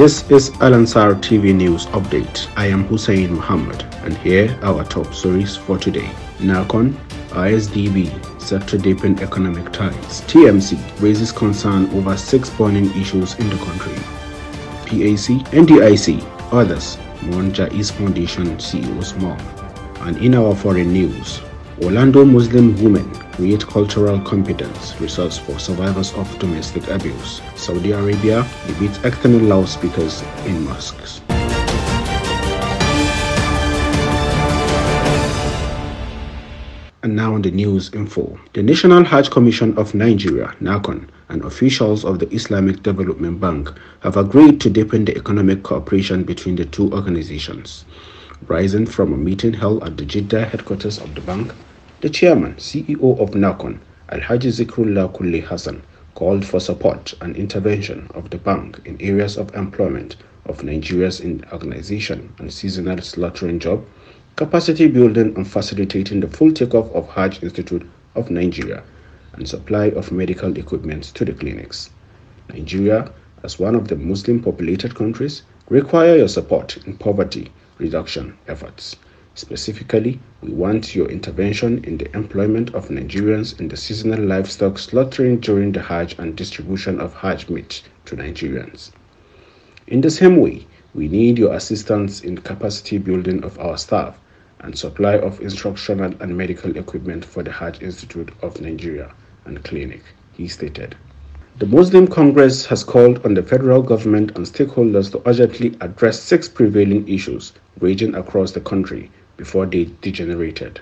This is Al Ansar TV News Update. I am Hussein Muhammad, and here are our top stories for today. Narcon, ISDB, sector deepen economic ties. TMC raises concern over six burning issues in the country. PAC, NDIC, others, Monja East Foundation CEO's mom. And in our foreign news, Orlando Muslim women create cultural competence results for survivors of domestic abuse. Saudi Arabia debates external loudspeakers in mosques. And now on the news in The National Hajj Commission of Nigeria, NACON, and officials of the Islamic Development Bank have agreed to deepen the economic cooperation between the two organizations. Rising from a meeting held at the Jeddah headquarters of the bank, the chairman, CEO of Nakon, Alhaji Zikrullah Kulli Hassan, called for support and intervention of the bank in areas of employment of Nigeria's in organization and seasonal slaughtering job, capacity building and facilitating the full takeoff of Hajj Institute of Nigeria and supply of medical equipment to the clinics. Nigeria, as one of the Muslim populated countries, require your support in poverty reduction efforts. Specifically, we want your intervention in the employment of Nigerians in the seasonal livestock slaughtering during the Hajj and distribution of Hajj meat to Nigerians. In the same way, we need your assistance in capacity building of our staff and supply of instructional and medical equipment for the Hajj Institute of Nigeria and clinic, he stated. The Muslim Congress has called on the federal government and stakeholders to urgently address six prevailing issues raging across the country before they degenerated.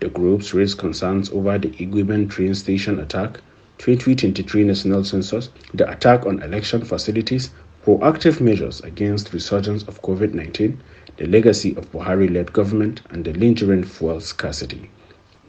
The groups raised concerns over the Iguiban train station attack, 2023 national census, the attack on election facilities, proactive measures against resurgence of COVID-19, the legacy of Buhari-led government, and the lingering fuel scarcity.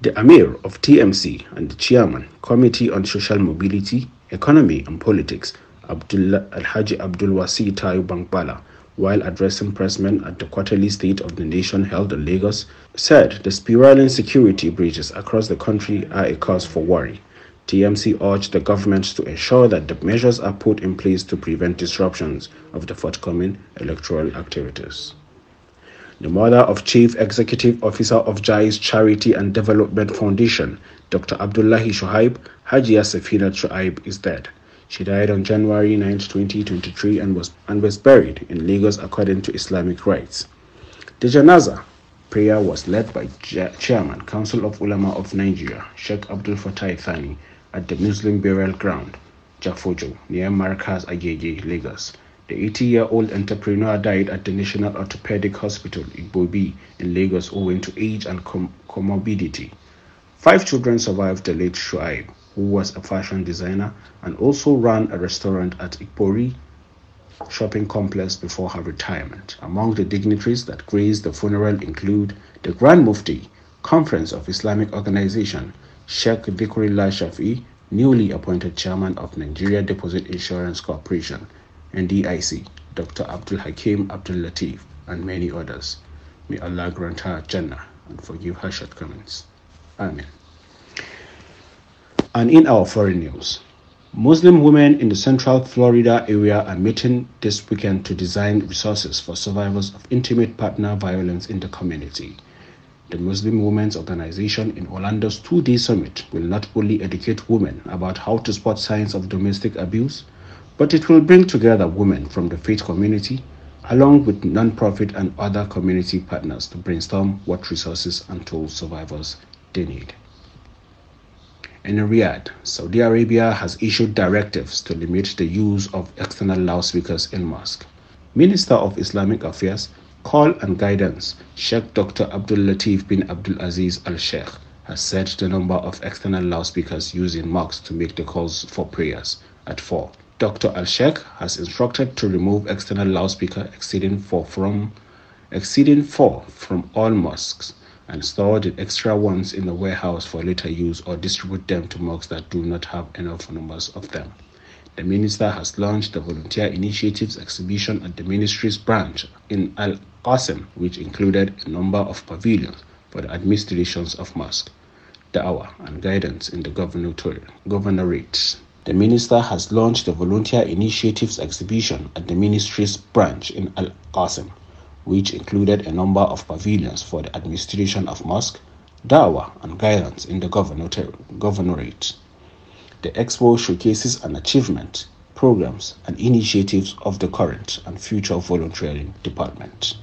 The Amir of TMC and the Chairman, Committee on Social Mobility, economy and politics, Abdullah Alhaji Abdul Wasi Tayu Bankbala, while addressing pressmen at the quarterly state of the nation held in Lagos, said the spiraling security breaches across the country are a cause for worry. TMC urged the government to ensure that the measures are put in place to prevent disruptions of the forthcoming electoral activities the mother of Chief Executive Officer of Jai's Charity and Development Foundation, Dr. Abdullahi Shoaib, Hajia Safina Shoaib, is dead. She died on January 9, 2023 and was, and was buried in Lagos according to Islamic rites. The janaza prayer was led by J Chairman Council of Ulama of Nigeria, Sheikh Abdul Fatai Thani, at the Muslim burial ground, Jafojo, near Markaz Agege, Lagos. The 80 year old entrepreneur died at the National Orthopedic Hospital, Igbobi, in Lagos, owing to age and com comorbidity. Five children survived the late Shuaib, who was a fashion designer and also ran a restaurant at Ikpori shopping complex before her retirement. Among the dignitaries that graced the funeral include the Grand Mufti, Conference of Islamic Organization, Sheikh Dhikrullah Shafi, newly appointed chairman of Nigeria Deposit Insurance Corporation, and DIC, Dr. Abdul Hakim Abdul Latif, and many others. May Allah grant her Jannah and forgive her shortcomings. Amen. And in our foreign news, Muslim women in the Central Florida area are meeting this weekend to design resources for survivors of intimate partner violence in the community. The Muslim Women's Organization in Orlando's two day summit will not only educate women about how to spot signs of domestic abuse, but it will bring together women from the faith community along with nonprofit and other community partners to brainstorm what resources and tools survivors they need. In Riyadh, Saudi Arabia has issued directives to limit the use of external loudspeakers in mosques. Minister of Islamic Affairs, Call and Guidance, Sheikh Dr. Abdul Latif bin Abdul Aziz Al Sheikh, has set the number of external loudspeakers used in mosques to make the calls for prayers at 4 Dr. Al-Sheikh has instructed to remove external loudspeaker exceeding four from exceeding four from all mosques and store the extra ones in the warehouse for later use or distribute them to mosques that do not have enough numbers of them. The minister has launched the volunteer initiatives exhibition at the ministry's branch in Al Qasim, which included a number of pavilions for the administrations of mosques, da'wah, and guidance in the governorate. The minister has launched the Volunteer Initiatives exhibition at the ministry's branch in Al Qasim, which included a number of pavilions for the administration of mosque, dawah, and guidance in the governorate. The expo showcases an achievement, programs, and initiatives of the current and future volunteering department.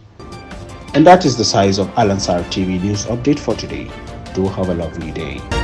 And that is the size of Al Ansar TV news update for today. Do have a lovely day.